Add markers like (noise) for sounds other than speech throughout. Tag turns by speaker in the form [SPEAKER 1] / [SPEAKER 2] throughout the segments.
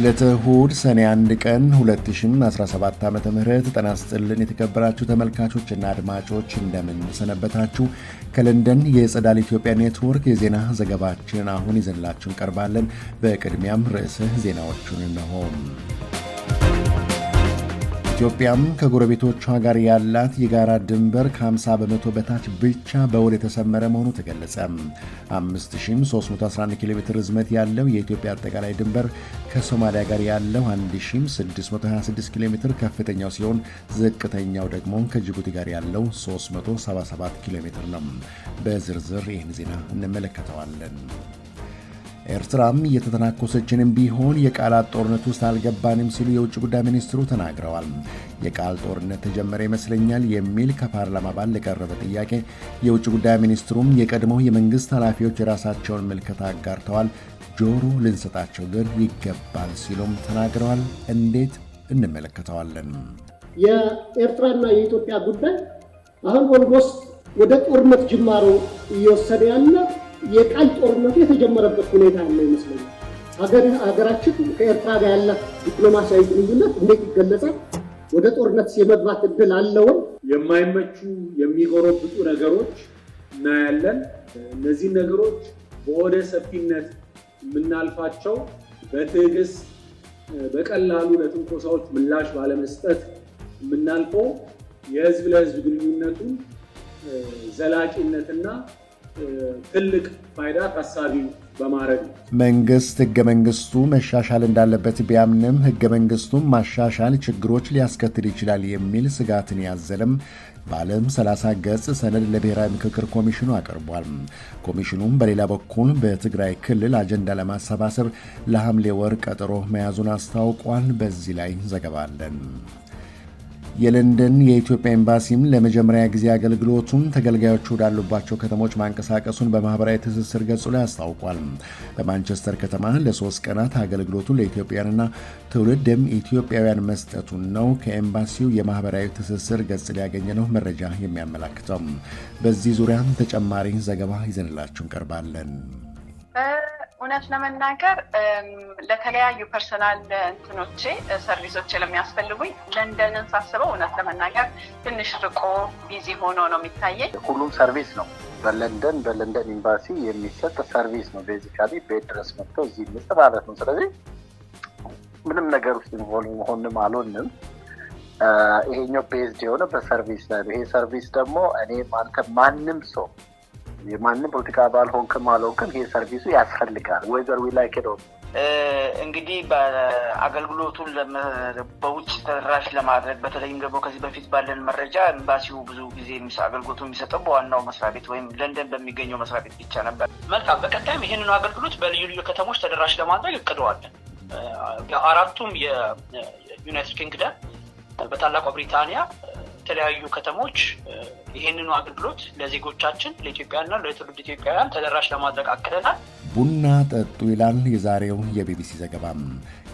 [SPEAKER 1] ዕለተ እሁድ ሰኔ 1 ቀን 2017 ዓ ም ጤና ይስጥልን የተከበራችሁ ተመልካቾችና አድማጮች እንደምን ሰነበታችሁ። ከለንደን የጸዳል ኢትዮጵያ ኔትወርክ የዜና ዘገባችን አሁን ይዘንላችሁ እንቀርባለን። በቅድሚያም ርዕሰ ዜናዎቹን እነሆም ኢትዮጵያም ከጎረቤቶቿ ጋር ያላት የጋራ ድንበር ከ50 በመቶ በታች ብቻ በውል የተሰመረ መሆኑ ተገለጸ። 5311 ኪሎ ሜትር ርዝመት ያለው የኢትዮጵያ አጠቃላይ ድንበር ከሶማሊያ ጋር ያለው 1626 ኪሎ ሜትር ከፍተኛው ሲሆን ዝቅተኛው ደግሞ ከጅቡቲ ጋር ያለው 377 ኪሎ ሜትር ነው። በዝርዝር ይህን ዜና እንመለከተዋለን። ኤርትራም እየተተናኮሰችንም ቢሆን የቃላት ጦርነት ውስጥ አልገባንም ሲሉ የውጭ ጉዳይ ሚኒስትሩ ተናግረዋል። የቃል ጦርነት ተጀመረ ይመስለኛል የሚል ከፓርላማ አባል ለቀረበ ጥያቄ የውጭ ጉዳይ ሚኒስትሩም የቀድሞው የመንግስት ኃላፊዎች የራሳቸውን ምልከታ አጋርተዋል። ጆሮ ልንሰጣቸው ግን ይገባል ሲሉም ተናግረዋል። እንዴት እንመለከተዋለን?
[SPEAKER 2] የኤርትራና የኢትዮጵያ ጉዳይ አሁን ኦልሞስት ወደ ጦርነት ጅማሮ እየወሰደ ያለ የቃል ጦርነቱ የተጀመረበት ሁኔታ ያለ ይመስለኛል። ሀገራችን ከኤርትራ ጋር ያላት ዲፕሎማሲያዊ ግንኙነት እንዴት ይገለጻል? ወደ ጦርነት የመግባት እድል አለውን?
[SPEAKER 3] የማይመቹ የሚጎረብጡ ነገሮች እናያለን። እነዚህ ነገሮች በወደ ሰፊነት የምናልፋቸው በትዕግስት በቀላሉ ለትንኮሳዎች ምላሽ ባለመስጠት የምናልፈው የህዝብ ለህዝብ ግንኙነቱን ዘላቂነትና ትልቅ ፋይዳ ታሳቢ በማድረግ ነው።
[SPEAKER 1] መንግስት ህገ መንግስቱ መሻሻል እንዳለበት ቢያምንም ህገ መንግስቱን ማሻሻል ችግሮች ሊያስከትል ይችላል የሚል ስጋትን ያዘለም በዓለም 30 ገጽ ሰነድ ለብሔራዊ ምክክር ኮሚሽኑ አቅርቧል። ኮሚሽኑም በሌላ በኩል በትግራይ ክልል አጀንዳ ለማሰባሰብ ለሐምሌ ወር ቀጠሮ መያዙን አስታውቋል። በዚህ ላይ ዘገባ አለን። የለንደን የኢትዮጵያ ኤምባሲም ለመጀመሪያ ጊዜ አገልግሎቱን ተገልጋዮቹ ወዳሉባቸው ከተሞች ማንቀሳቀሱን በማህበራዊ ትስስር ገጹ ላይ አስታውቋል። በማንቸስተር ከተማ ለሶስት ቀናት አገልግሎቱን ለኢትዮጵያንና ትውልድም ኢትዮጵያውያን መስጠቱን ነው ከኤምባሲው የማህበራዊ ትስስር ገጽ ላይ ያገኘነው መረጃ የሚያመላክተው። በዚህ ዙሪያም ተጨማሪ ዘገባ ይዘንላችሁ እንቀርባለን።
[SPEAKER 4] እውነት ለመናገር ለተለያዩ ፐርሰናል እንትኖቼ ሰርቪሶች ለሚያስፈልጉኝ ለንደንን ሳስበው እውነት ለመናገር ትንሽ ርቆ ቢዚ ሆኖ ነው የሚታየኝ።
[SPEAKER 5] ሁሉም ሰርቪስ ነው በለንደን በለንደን ኤምባሲ የሚሰጥ ሰርቪስ ነው። ቤዚካሊ ቤት ድረስ መጥተው እዚህ ማለት ነው። ስለዚህ ምንም ነገር ውስጥ መሆንም አልሆንም ይሄኛው ቤዝድ የሆነ በሰርቪስ ላይ ይሄ ሰርቪስ ደግሞ እኔ ማንም ሰው የማንም ፖለቲካ አባል ሆንክም አልሆንክም ይህ ሰርቪሱ ያስፈልጋል። ወይዘር ዊላይክ ከደው
[SPEAKER 6] እንግዲህ በአገልግሎቱን በውጭ ተደራሽ ለማድረግ በተለይም ደግሞ ከዚህ በፊት ባለን መረጃ ኤምባሲው ብዙ ጊዜ አገልግሎቱ የሚሰጠው በዋናው መስሪያ ቤት ወይም ለንደን በሚገኘው መስሪያ ቤት ብቻ ነበር።
[SPEAKER 7] መልካም። በቀጣይም ይህንኑ አገልግሎት በልዩ ልዩ ከተሞች ተደራሽ ለማድረግ እቅደዋለን። አራቱም የዩናይትድ ኪንግደም፣ በታላቋ ብሪታንያ የተለያዩ ከተሞች ይህንኑ አገልግሎት ለዜጎቻችን ለኢትዮጵያና ለትውልድ ኢትዮጵያውያን ተደራሽ ለማድረግ አክለናል።
[SPEAKER 1] ቡና ጠጡ ይላል የዛሬው የቢቢሲ ዘገባም።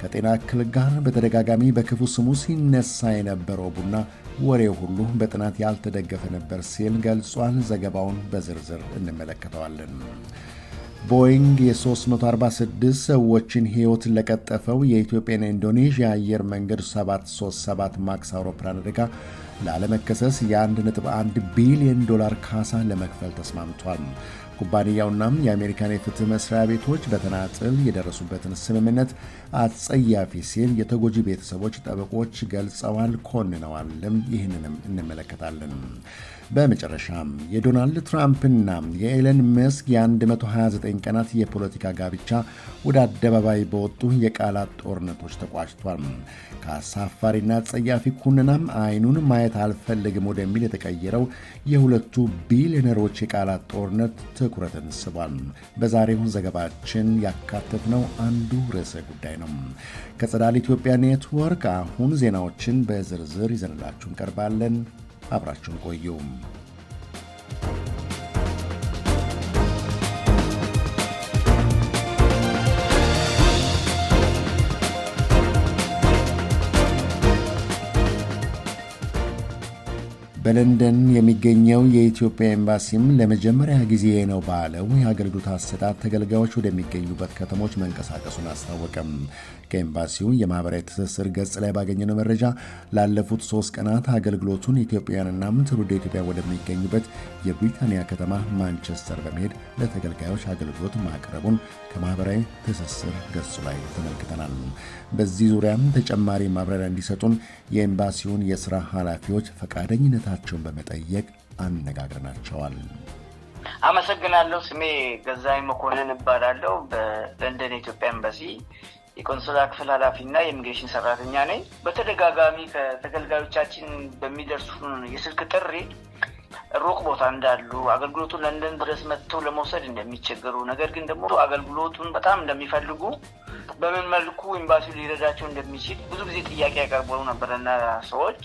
[SPEAKER 1] ከጤና እክል ጋር በተደጋጋሚ በክፉ ስሙ ሲነሳ የነበረው ቡና ወሬው ሁሉ በጥናት ያልተደገፈ ነበር ሲል ገልጿል። ዘገባውን በዝርዝር እንመለከተዋለን። ቦይንግ የ346 ሰዎችን ሕይወት ለቀጠፈው የኢትዮጵያና ኢንዶኔዥያ አየር መንገድ 737 ማክስ አውሮፕላን አደጋ ላለመከሰስ የ1.1 ቢሊዮን ዶላር ካሳ ለመክፈል ተስማምቷል። ኩባንያውና የአሜሪካን የፍትህ መስሪያ ቤቶች በተናጥል የደረሱበትን ስምምነት አጸያፊ ሲል የተጎጂ ቤተሰቦች ጠበቆች ገልጸዋል፣ ኮንነዋልም። ይህንንም እንመለከታለን። በመጨረሻም የዶናልድ ትራምፕና የኤለን መስክ የ129 ቀናት የፖለቲካ ጋብቻ ወደ አደባባይ በወጡ የቃላት ጦርነቶች ተቋጭቷል። ከአሳፋሪና ጸያፊ ኩንናም አይኑን ማየት አልፈልግም ወደሚል የተቀየረው የሁለቱ ቢሊዮነሮች የቃላት ጦርነት ትኩረትን ስቧል። በዛሬው ዘገባችን ያካተትነው አንዱ ርዕሰ ጉዳይ ነው። ከጸዳል ኢትዮጵያ ኔትወርክ አሁን ዜናዎችን በዝርዝር ይዘንላችሁ እንቀርባለን። አብራችሁን ቆዩም በለንደን የሚገኘው የኢትዮጵያ ኤምባሲም ለመጀመሪያ ጊዜ ነው ባለው የአገልግሎት አሰጣጥ ተገልጋዮች ወደሚገኙበት ከተሞች መንቀሳቀሱን አስታወቀም። ከኤምባሲው የማህበራዊ ትስስር ገጽ ላይ ባገኘነው መረጃ ላለፉት ሶስት ቀናት አገልግሎቱን ኢትዮጵያውያንና ትውልደ ኢትዮጵያ ወደሚገኙበት የብሪታንያ ከተማ ማንቸስተር በመሄድ ለተገልጋዮች አገልግሎት ማቅረቡን ከማህበራዊ ትስስር ገጹ ላይ ተመልክተናል። በዚህ ዙሪያም ተጨማሪ ማብራሪያ እንዲሰጡን የኤምባሲውን የስራ ኃላፊዎች ፈቃደኝነት አስተያየታቸውን በመጠየቅ አነጋግረናቸዋል። አመሰግናለሁ። ስሜ ገዛይ መኮንን እባላለሁ። በለንደን የኢትዮጵያ ኤምባሲ የቆንስላ ክፍል ኃላፊና የኢሚግሬሽን ሰራተኛ ነኝ። በተደጋጋሚ ከተገልጋዮቻችን በሚደርሱን የስልክ ጥሪ ሩቅ ቦታ እንዳሉ አገልግሎቱን ለንደን ድረስ መጥተው ለመውሰድ እንደሚቸገሩ፣ ነገር ግን ደግሞ አገልግሎቱን በጣም እንደሚፈልጉ በምን መልኩ ኤምባሲው ሊረዳቸው እንደሚችል ብዙ ጊዜ ጥያቄ ያቀርበው ነበረና ሰዎች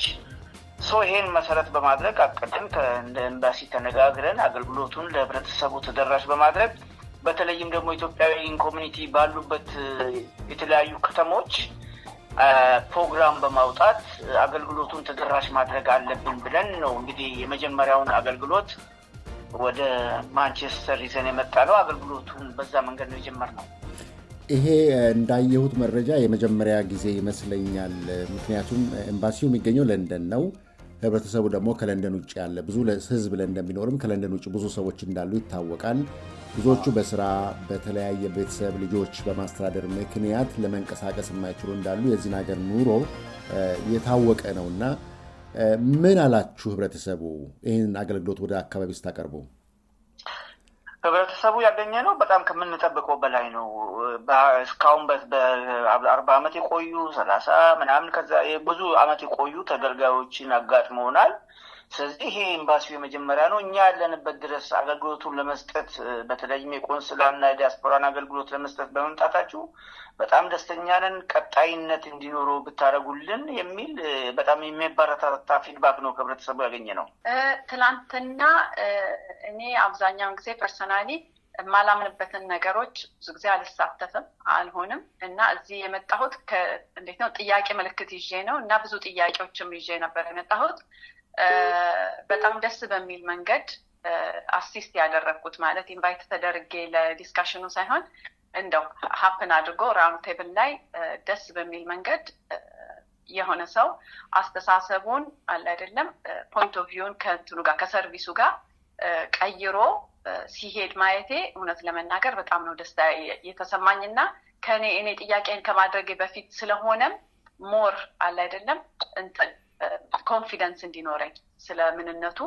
[SPEAKER 1] ሶ ይሄን መሰረት በማድረግ አቅደን ከእንደ ኤምባሲ ተነጋግረን አገልግሎቱን ለህብረተሰቡ ተደራሽ በማድረግ በተለይም ደግሞ ኢትዮጵያዊን ኮሚኒቲ ባሉበት የተለያዩ ከተሞች ፕሮግራም በማውጣት አገልግሎቱን ተደራሽ ማድረግ አለብን ብለን ነው እንግዲህ የመጀመሪያውን አገልግሎት ወደ ማንቸስተር ይዘን የመጣ ነው። አገልግሎቱን በዛ መንገድ ነው ነው ይሄ እንዳየሁት መረጃ የመጀመሪያ ጊዜ ይመስለኛል። ምክንያቱም ኤምባሲው የሚገኘው ለንደን ነው። ህብረተሰቡ ደግሞ ከለንደን ውጭ ያለ ብዙ ህዝብ ለንደን ቢኖርም ከለንደን ውጭ ብዙ ሰዎች እንዳሉ ይታወቃል። ብዙዎቹ በስራ በተለያየ ቤተሰብ ልጆች በማስተዳደር ምክንያት ለመንቀሳቀስ የማይችሉ እንዳሉ የዚህን ሀገር ኑሮ የታወቀ ነውና ምን አላችሁ ህብረተሰቡ ይህን አገልግሎት ወደ አካባቢ ስታቀርቡ? ህብረተሰቡ ያገኘ ነው በጣም ከምንጠብቀው በላይ ነው። እስካሁን በአርባ አመት የቆዩ ሰላሳ ምናምን ከዛ ብዙ አመት የቆዩ ተገልጋዮችን አጋጥመውናል። ስለዚህ ይሄ ኤምባሲው የመጀመሪያ ነው። እኛ ያለንበት ድረስ አገልግሎቱን ለመስጠት በተለይም የቆንስላና የዲያስፖራን አገልግሎት ለመስጠት በመምጣታችሁ በጣም ደስተኛ ነን። ቀጣይነት እንዲኖረው ብታደርጉልን የሚል በጣም የሚያበረታታ ፊድባክ ነው ከህብረተሰቡ ያገኘ ነው። ትናንትና እኔ አብዛኛውን ጊዜ ፐርሰናሊ የማላምንበትን ነገሮች ብዙ ጊዜ አልሳተፍም አልሆንም እና እዚህ የመጣሁት እንዴት ነው ጥያቄ ምልክት ይዤ ነው እና ብዙ ጥያቄዎችም ይዤ ነበር የመጣሁት በጣም ደስ በሚል መንገድ አሲስት ያደረግኩት ማለት ኢንቫይት ተደርጌ ለዲስካሽኑ ሳይሆን እንደው ሀፕን አድርጎ ራውንድ ቴብል ላይ ደስ በሚል መንገድ የሆነ ሰው አስተሳሰቡን አለ አይደለም ፖይንት ኦፍ ቪውን ከእንትኑ ጋር ከሰርቪሱ ጋር ቀይሮ ሲሄድ ማየቴ እውነት ለመናገር በጣም ነው ደስታ የተሰማኝ እና ከእኔ እኔ ጥያቄን ከማድረጌ በፊት ስለሆነም ሞር አለ አይደለም እንትን ኮንፊደንስ እንዲኖረኝ ስለ ምንነቱ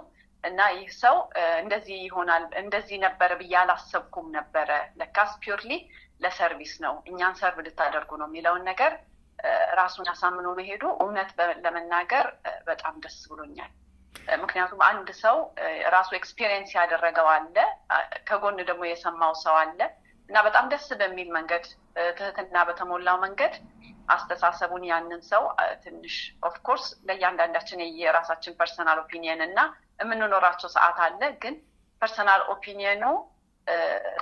[SPEAKER 1] እና ይህ ሰው እንደዚህ ይሆናል እንደዚህ ነበረ ብዬ አላሰብኩም ነበረ፣ ለካስ ፒርሊ ለሰርቪስ ነው እኛን ሰርቭ ልታደርጉ ነው የሚለውን ነገር ራሱን አሳምኖ መሄዱ እውነት ለመናገር በጣም ደስ ብሎኛል። ምክንያቱም አንድ ሰው ራሱ ኤክስፒሪየንስ ያደረገው አለ፣ ከጎን ደግሞ የሰማው ሰው አለ። እና በጣም ደስ በሚል መንገድ ትህትና በተሞላው መንገድ አስተሳሰቡን ያንን ሰው ትንሽ ኦፍኮርስ ለእያንዳንዳችን የራሳችን ፐርሰናል ኦፒኒየን እና የምንኖራቸው ሰዓት አለ። ግን ፐርሰናል ኦፒኒየኑ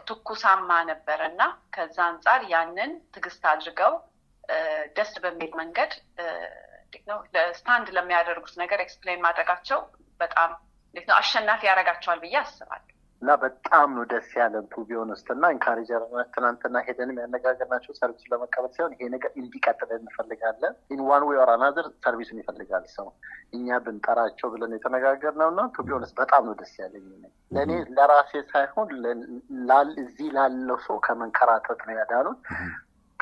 [SPEAKER 1] ትኩሳማ ነበር እና ከዛ አንጻር ያንን ትግስት አድርገው ደስ በሚል መንገድ ነው ስታንድ ለሚያደርጉት ነገር ኤክስፕሌን ማድረጋቸው በጣም ነው አሸናፊ ያደርጋቸዋል ብዬ አስባል። እና በጣም ነው ደስ ያለን ቱ ቢሆንስት እና ኢንካሬጀር ትናንትና ሄደንም ያነጋገርናቸው ሰርቪሱ ለመቀበል ሳይሆን ይሄ ነገር እንዲቀጥል እንፈልጋለን። ኢን ዋን ዌይ ኦር አናዘር ሰርቪሱን ይፈልጋል ሰው እኛ ብንጠራቸው ብለን የተነጋገር ነው እና ቱ ቢሆንስት በጣም ነው ደስ ያለኝ። ለእኔ ለራሴ ሳይሆን እዚህ ላለው ሰው ከመንከራተት ነው ያዳኑት።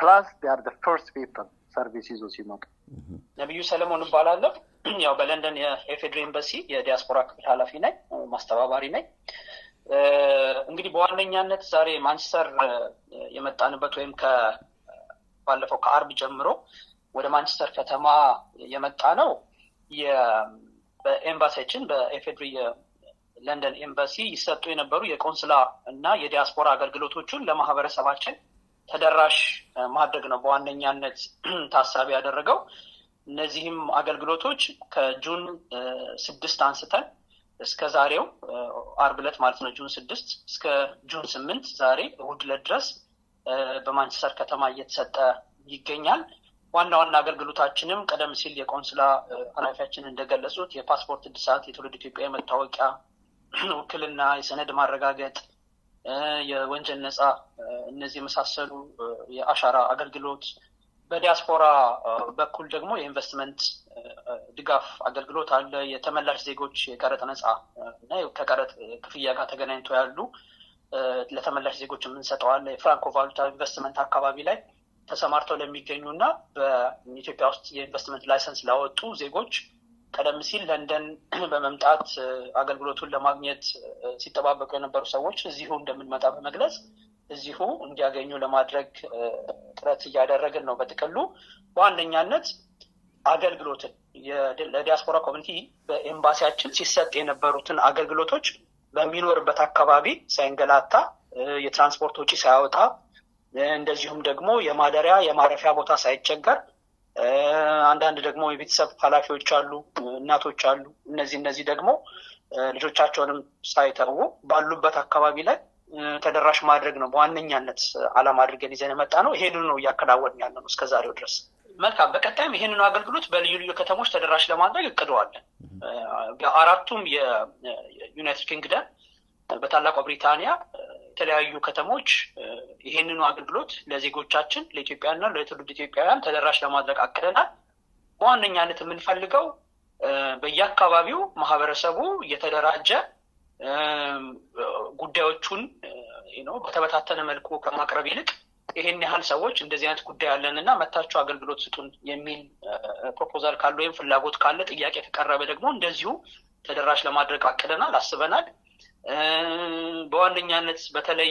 [SPEAKER 1] ፕላስ ር ፈርስት ፔፐር ሰርቪስ ይዞ ሲመጡ ነቢዩ ሰለሞን እባላለሁ። (clears throat) ያው በለንደን የፌዴሬ ኤምባሲ የዲያስፖራ ክፍል ሀላፊ ነኝ፣ ማስተባባሪ ነኝ። እንግዲህ በዋነኛነት ዛሬ ማንቸስተር የመጣንበት ወይም ባለፈው ከአርብ ጀምሮ ወደ ማንቸስተር ከተማ የመጣ ነው በኤምባሲያችን በኤፌድሪ ለንደን ኤምባሲ ይሰጡ የነበሩ የቆንስላ እና የዲያስፖራ አገልግሎቶችን ለማህበረሰባችን ተደራሽ ማድረግ ነው በዋነኛነት (clears throat) ታሳቢ ያደረገው። እነዚህም አገልግሎቶች ከጁን ስድስት አንስተን እስከ ዛሬው አርብ ዕለት ማለት ነው ጁን ስድስት እስከ ጁን ስምንት ዛሬ እሁድ ዕለት ድረስ በማንቸስተር ከተማ እየተሰጠ ይገኛል። ዋና ዋና አገልግሎታችንም ቀደም ሲል የቆንስላ ሀላፊያችን እንደገለጹት የፓስፖርት እድሳት፣ የትውልድ ኢትዮጵያ መታወቂያ፣ (clears throat) ውክልና፣ የሰነድ ማረጋገጥ፣ የወንጀል ነጻ እነዚህ የመሳሰሉ የአሻራ አገልግሎት በዲያስፖራ በኩል ደግሞ የኢንቨስትመንት ድጋፍ አገልግሎት አለ። የተመላሽ ዜጎች የቀረጥ ነጻ እና ከቀረጥ ክፍያ ጋር ተገናኝቶ ያሉ ለተመላሽ ዜጎች የምንሰጠው አለ። የፍራንኮ ቫሉታ ኢንቨስትመንት አካባቢ ላይ ተሰማርተው ለሚገኙ እና በኢትዮጵያ ውስጥ የኢንቨስትመንት ላይሰንስ ላወጡ ዜጎች ቀደም ሲል ለንደን (clears throat) በመምጣት አገልግሎቱን ለማግኘት ሲጠባበቁ የነበሩ ሰዎች እዚሁ እንደምንመጣ በመግለጽ እዚሁ እንዲያገኙ ለማድረግ ጥረት እያደረግን ነው። በጥቅሉ በዋነኛነት አገልግሎትን ለዲያስፖራ ኮሚኒቲ በኤምባሲያችን ሲሰጥ የነበሩትን አገልግሎቶች በሚኖርበት አካባቢ ሳይንገላታ የትራንስፖርት ውጪ ሳያወጣ እንደዚሁም ደግሞ የማደሪያ የማረፊያ ቦታ ሳይቸገር አንዳንድ ደግሞ የቤተሰብ ኃላፊዎች አሉ፣ እናቶች አሉ። እነዚህ እነዚህ ደግሞ ልጆቻቸውንም ሳይተዉ ባሉበት አካባቢ ላይ ተደራሽ ማድረግ ነው በዋነኛነት አላማ አድርገን ይዘን የመጣ ነው። ይሄንን ነው እያከናወን ያለ ነው እስከዛሬው ድረስ። መልካም። በቀጣይም ይህንን አገልግሎት በልዩ ልዩ ከተሞች ተደራሽ ለማድረግ እቅደዋለን። በአራቱም የዩናይትድ ኪንግደም፣ በታላቋ ብሪታንያ የተለያዩ ከተሞች ይህንኑ አገልግሎት ለዜጎቻችን ለኢትዮጵያና ለትውልድ ኢትዮጵያውያን ተደራሽ ለማድረግ አቅደናል። በዋነኛነት የምንፈልገው በየአካባቢው ማህበረሰቡ እየተደራጀ ጉዳዮቹን ነው በተበታተነ መልኩ ከማቅረብ ይልቅ ይሄን ያህል ሰዎች እንደዚህ አይነት ጉዳይ አለን እና መታቸው አገልግሎት ስጡን የሚል ፕሮፖዛል ካለ ወይም ፍላጎት ካለ ጥያቄ ከቀረበ ደግሞ እንደዚሁ ተደራሽ ለማድረግ አቅደናል፣ አስበናል። በዋነኛነት በተለይ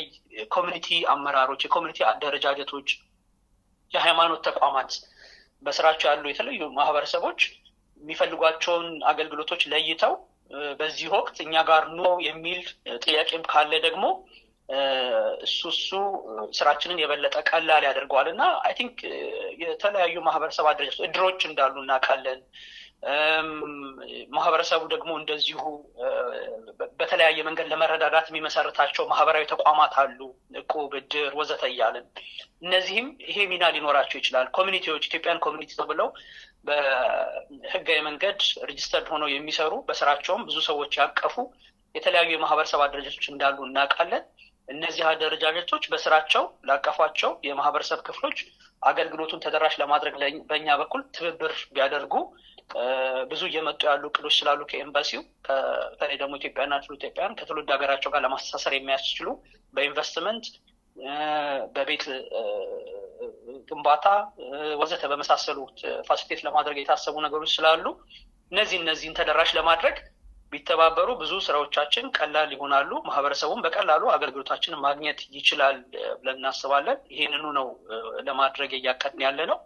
[SPEAKER 1] ኮሚኒቲ አመራሮች፣ የኮሚኒቲ አደረጃጀቶች፣ የሃይማኖት ተቋማት በስራቸው ያሉ የተለዩ ማህበረሰቦች የሚፈልጓቸውን አገልግሎቶች ለይተው በዚህ ወቅት እኛ ጋር ኖ የሚል ጥያቄም ካለ ደግሞ እሱ እሱ ስራችንን የበለጠ ቀላል ያደርገዋል እና አይ ቲንክ የተለያዩ ማህበረሰብ አደረጃጀት እድሮች እንዳሉ እናውቃለን። ማህበረሰቡ ደግሞ እንደዚሁ በተለያየ መንገድ ለመረዳዳት የሚመሰርታቸው ማህበራዊ ተቋማት አሉ፣ እቁ ብድር ወዘተ እያለን እነዚህም ይሄ ሚና ሊኖራቸው ይችላል። ኮሚኒቲዎች ኢትዮጵያን ኮሚኒቲ ተብለው በህጋዊ መንገድ ሬጅስተርድ ሆነው የሚሰሩ በስራቸውም ብዙ ሰዎች ያቀፉ የተለያዩ የማህበረሰብ አደረጃቶች እንዳሉ እናውቃለን። እነዚህ አደረጃጀቶች በስራቸው ላቀፏቸው የማህበረሰብ ክፍሎች አገልግሎቱን ተደራሽ ለማድረግ በእኛ በኩል ትብብር ቢያደርጉ ብዙ እየመጡ ያሉ እቅዶች ስላሉ ከኤምባሲው በተለይ ደግሞ ኢትዮጵያና ትውልደ ኢትዮጵያን ከትውልድ ሀገራቸው ጋር ለማስተሳሰር የሚያስችሉ በኢንቨስትመንት በቤት ግንባታ ወዘተ በመሳሰሉት ፋሲሊቴት ለማድረግ የታሰቡ ነገሮች ስላሉ እነዚህ እነዚህን ተደራሽ ለማድረግ ቢተባበሩ ብዙ ስራዎቻችን ቀላል ይሆናሉ። ማህበረሰቡም በቀላሉ አገልግሎታችን ማግኘት ይችላል ብለን እናስባለን። ይህንኑ ነው ለማድረግ እያቀድን ያለ ነው።